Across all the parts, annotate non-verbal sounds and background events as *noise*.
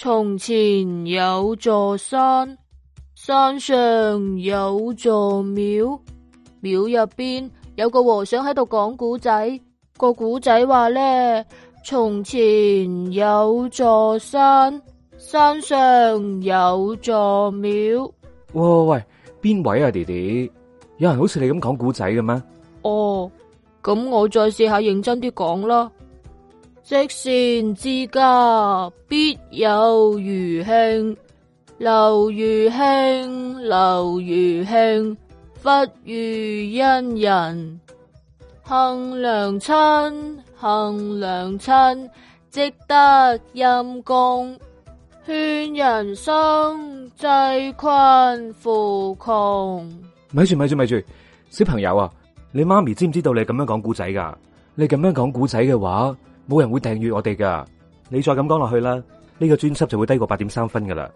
從前有座山，山上有座廟，廟入邊有個和尚喺度講古仔。個古仔話咧：從前有座山，山上有座廟。哇喂，邊位啊？弟弟？有人好似你咁講古仔嘅咩？哦，咁我再試下認真啲講啦。積善之家必有餘慶，留餘慶，留餘慶，忽如恩人，幸良親，幸良親，積得陰功，勸人生濟困扶窮。咪住咪住咪住，小朋友啊，你媽咪知唔知道你咁樣講古仔噶？你咁樣講古仔嘅話。冇人會訂閱我哋噶，你再咁講落去啦，呢、這個專輯就會低過八點三分噶啦。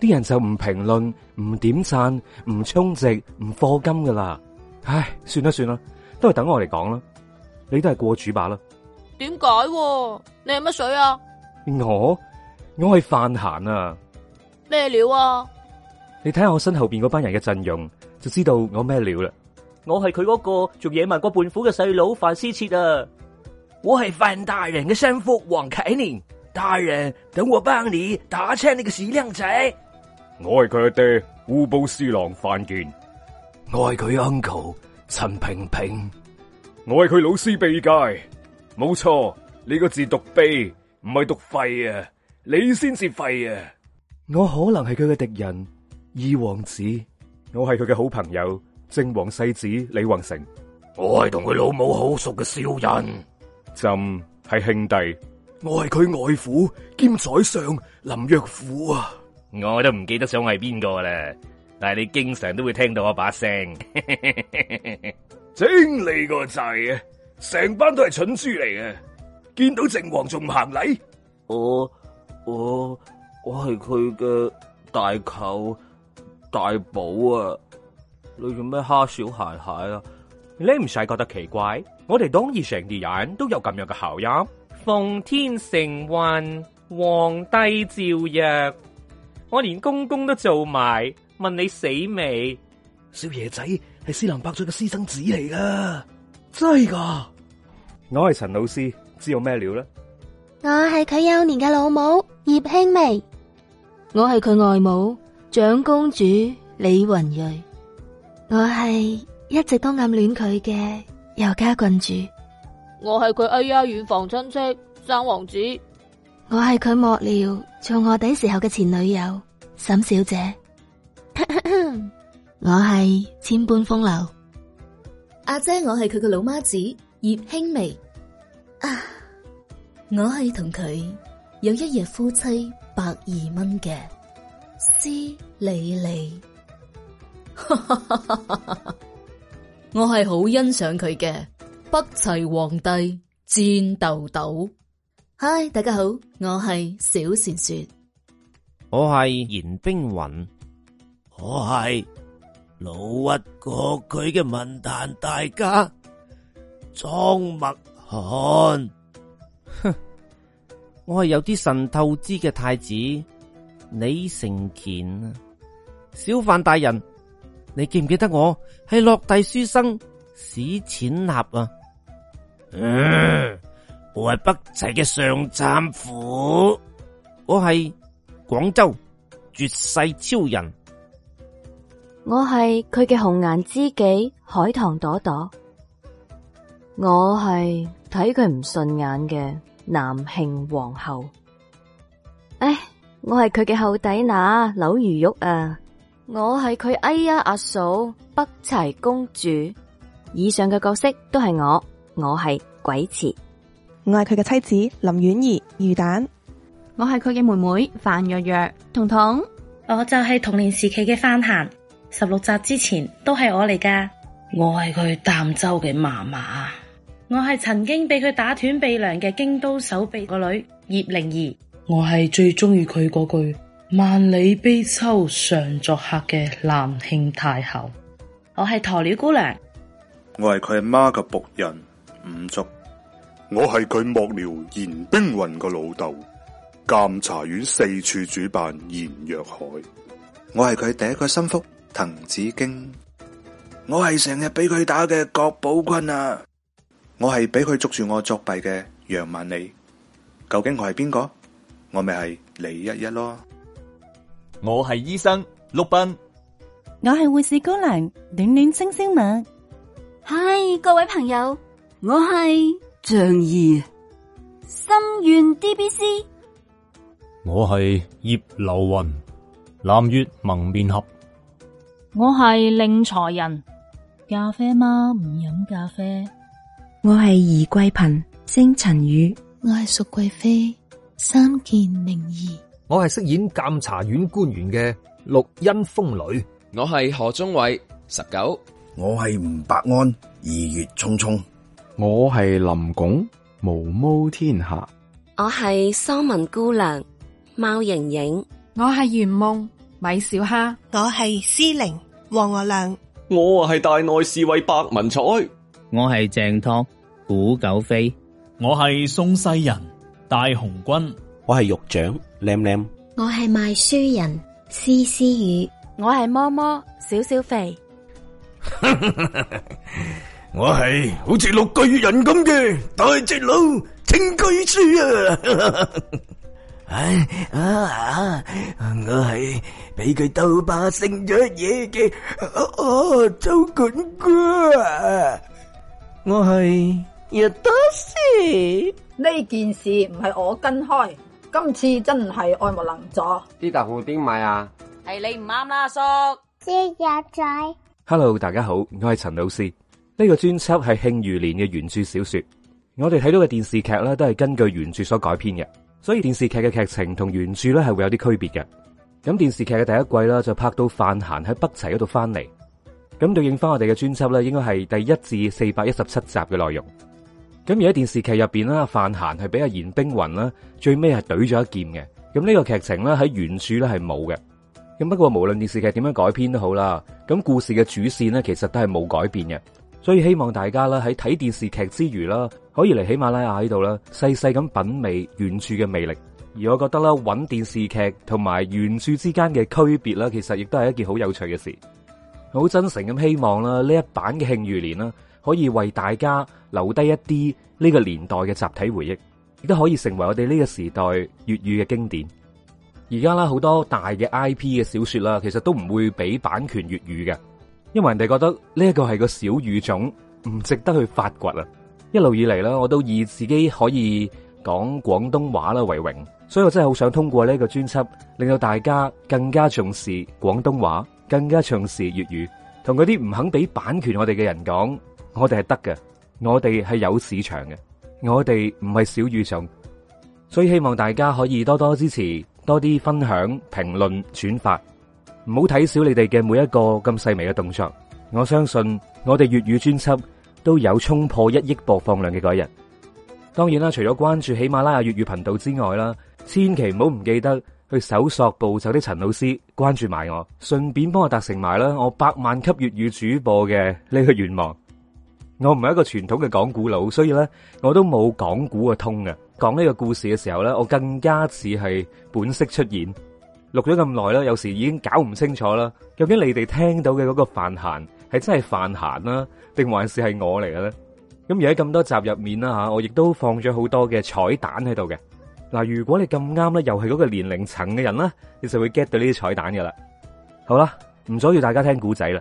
啲人就唔評論、唔點贊、唔充值、唔課金噶啦。唉，算啦算啦，都係等我嚟講啦。你都係過主把啦。點解？你係乜水啊？我，我係范閒啊。咩料啊？你睇下我身後邊嗰班人嘅陣容，就知道我咩料啦。我係佢嗰個做野蠻過胖虎嘅細佬范思轍啊。我係范大人嘅生父王啟年。大人，等我幫你打拆你個死靚仔。我係佢阿爹，戶部侍郎范建。我係佢 uncle 陳萍萍。我係佢老師費介。冇錯，你個字讀悲，唔係讀廢啊！你先至廢啊！我可能係佢嘅敵人二王子。我係佢嘅好朋友正王世子李弘成。我係同佢老母好熟嘅小人。朕係兄弟，我係佢外父兼宰相林若甫啊！我都唔記得想係邊個啦，但係你經常都會聽到我把聲， *laughs* 整你個制啊！成班都係蠢豬嚟嘅，見到靖王仲唔行禮，我我我係佢嘅大舅大寶啊！你做咩蝦小孩蟹啊？你唔使覺得奇怪，我哋當然成啲人都有咁樣嘅效音。奉天承運，皇帝詔曰：我連公公都做埋，問你死未？小爺仔係司南伯爵嘅私生子嚟噶！真噶，我係陳老師，知道咩料咧？我係佢幼年嘅老母葉輕眉，微我係佢外母長公主李雲睿，我係。一直都暗戀佢嘅尤家郡主我，我係佢哎呀遠房親戚三王子，我係佢幕僚，做臥底時候嘅前女友沈小姐， *coughs* 我係千般風流阿、啊、姐，我係佢嘅老媽子葉輕眉。啊，我係同佢有一夜夫妻百二蚊嘅施李李。 *laughs* 我係好欣賞佢嘅北齊皇帝戰豆豆。嗨，大家好，我係小傳說，我係言冰雲，我係老屈過佢嘅文壇大家莊墨韓。哼， *laughs* 我係有啲神透知嘅太子李承乾啊，小范大人。你記唔記得我係落第書生史闡立啊？嗯，我係北齊嘅上杉虎，我係廣州絕世超人，我係佢嘅紅顏知己海棠朵朵，我係睇佢唔順眼嘅南慶皇后，唉、哎，我係佢嘅後底乸柳如玉啊！我係佢哎呀阿嫂北齊公主以上嘅角色都係我，我係鬼池，我係佢嘅妻子林婉兒魚蛋，我係佢嘅妹妹范若若彤彤，我就係童年時期嘅范閒，十六集之前都係我嚟噶，我係佢淡州嘅媽媽，我係曾經俾佢打斷鼻梁嘅京都手臂個女葉靈兒，玲我係最中意佢嗰句。萬里悲秋常作客嘅南慶太后，我係鴕鳥姑娘，我係佢阿媽嘅僕人五竹，我係佢幕僚言冰雲個老豆監察院四處主辦言若海，我係佢第一個心腹滕梓荊，我係成日俾佢打嘅郭保坤啊，我係俾佢捉住我作弊嘅楊萬里，究竟我係邊個？我咪係李一一咯。我係醫生陸斌，我係護士姑娘暖暖星星物，嗨，各位朋友，我係仗義心願 DBC，我係葉流雲，南月蒙面俠，我係令才人，咖啡媽唔飲咖啡，我係宜貴嬪星陳宇；我係淑貴妃三件靈儀。我係飾演監察院官員嘅綠蔭風女，我係何宗偉十九，我係吳百安二月匆匆，我係林拱毛毛天下，我係桑文姑娘貓瑩瑩，盈盈我係圓夢米小蝦，我係詩玲黃阿亮，我係大內侍衛白文彩，我係鄭濤古狗飛，我係松西人大紅軍。我係玉長，靚靚。我係賣書人，思思雨。我係摸摸，少少肥。我係好似六巨人咁嘅大隻佬，請舉手啊！唉啊啊！我係俾佢刀疤剩咗嘢嘅，哦，周冠軍。我係若多事，呢件事唔係我跟開。今次真係愛莫能助。啲豆腐點買啊？係你唔啱啦，叔。小野仔。Hello，大家好，我係陳老師。呢個專輯係慶餘年嘅原著小說，我哋睇到嘅電視劇咧都係根據原著所改編嘅，所以電視劇嘅劇情同原著咧係會有啲區別嘅。咁電視劇嘅第一季啦就拍到范閒喺北齊嗰度翻嚟，咁對應翻我哋嘅專輯咧，應該係第一至四百一十七集嘅內容。咁而喺電視劇入邊啦，范閑係俾阿言冰雲啦，最尾係懟咗一劍嘅。咁呢個劇情咧喺原著咧係冇嘅。咁不過無論電視劇點樣改編都好啦，咁故事嘅主線咧其實都係冇改變嘅。所以希望大家啦，喺睇電視劇之餘啦，可以嚟喜馬拉雅喺度啦，細細咁品味原著嘅魅力。而我覺得啦，搵電視劇同埋原著之間嘅區別啦，其實亦都係一件好有趣嘅事。好真誠咁希望啦，呢一版嘅慶餘年啦，可以為大家留低一啲呢個年代嘅集體回憶，亦都可以成為我哋呢個時代粵語嘅經典。而家啦，好多大嘅 IP 嘅小說啦，其實都唔會俾版權粵語嘅，因為人哋覺得呢一個係個小語種，唔值得去發掘啦。一路以嚟啦，我都以自己可以講廣東話啦為榮，所以我真係好想通過呢個專輯，令到大家更加重視廣東話，更加重視粵語，同嗰啲唔肯俾版權我哋嘅人講。我哋係得嘅，我哋係有市場嘅，我哋唔係小語種，所以希望大家可以多多支持，多啲分享、評論、轉發，唔好睇少你哋嘅每一個咁細微嘅動作。我相信我哋粵語專輯都有衝破一億播放量嘅嗰一日。當然啦，除咗關注喜馬拉雅粵語頻道之外啦，千祈唔好唔記得去搜索暴走的陳老師，關注埋我，順便幫我達成埋啦我百萬級粵語主播嘅呢個願望。我唔係一個傳統嘅講古佬，所以咧我都冇講古嘅通嘅。講呢個故事嘅時候咧，我更加似係本色出現。錄咗咁耐啦，有時已經搞唔清楚啦。究竟你哋聽到嘅嗰個范閒係真係范閒啦、啊，定還是係我嚟嘅咧？咁而喺咁多集入面啦吓，我亦都放咗好多嘅彩蛋喺度嘅。嗱，如果你咁啱咧，又係嗰個年齡層嘅人啦，你就會 get 到呢啲彩蛋噶啦。好啦，唔阻住大家聽古仔啦，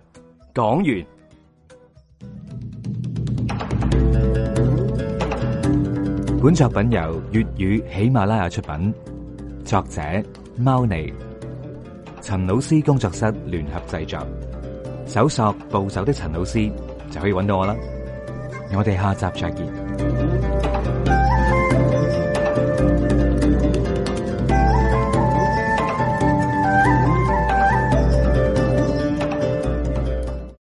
講完。本作品由粵語喜馬拉雅出品，作者貓膩、陳老師工作室聯合製作。搜索暴走的陳老師就可以揾到我啦。我哋下集再見。